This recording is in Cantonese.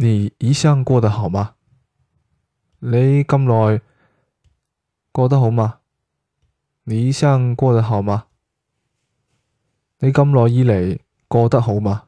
你一向過得好嗎？你咁耐過得好嗎？你一向過得好嗎？你咁耐以嚟過得好嗎？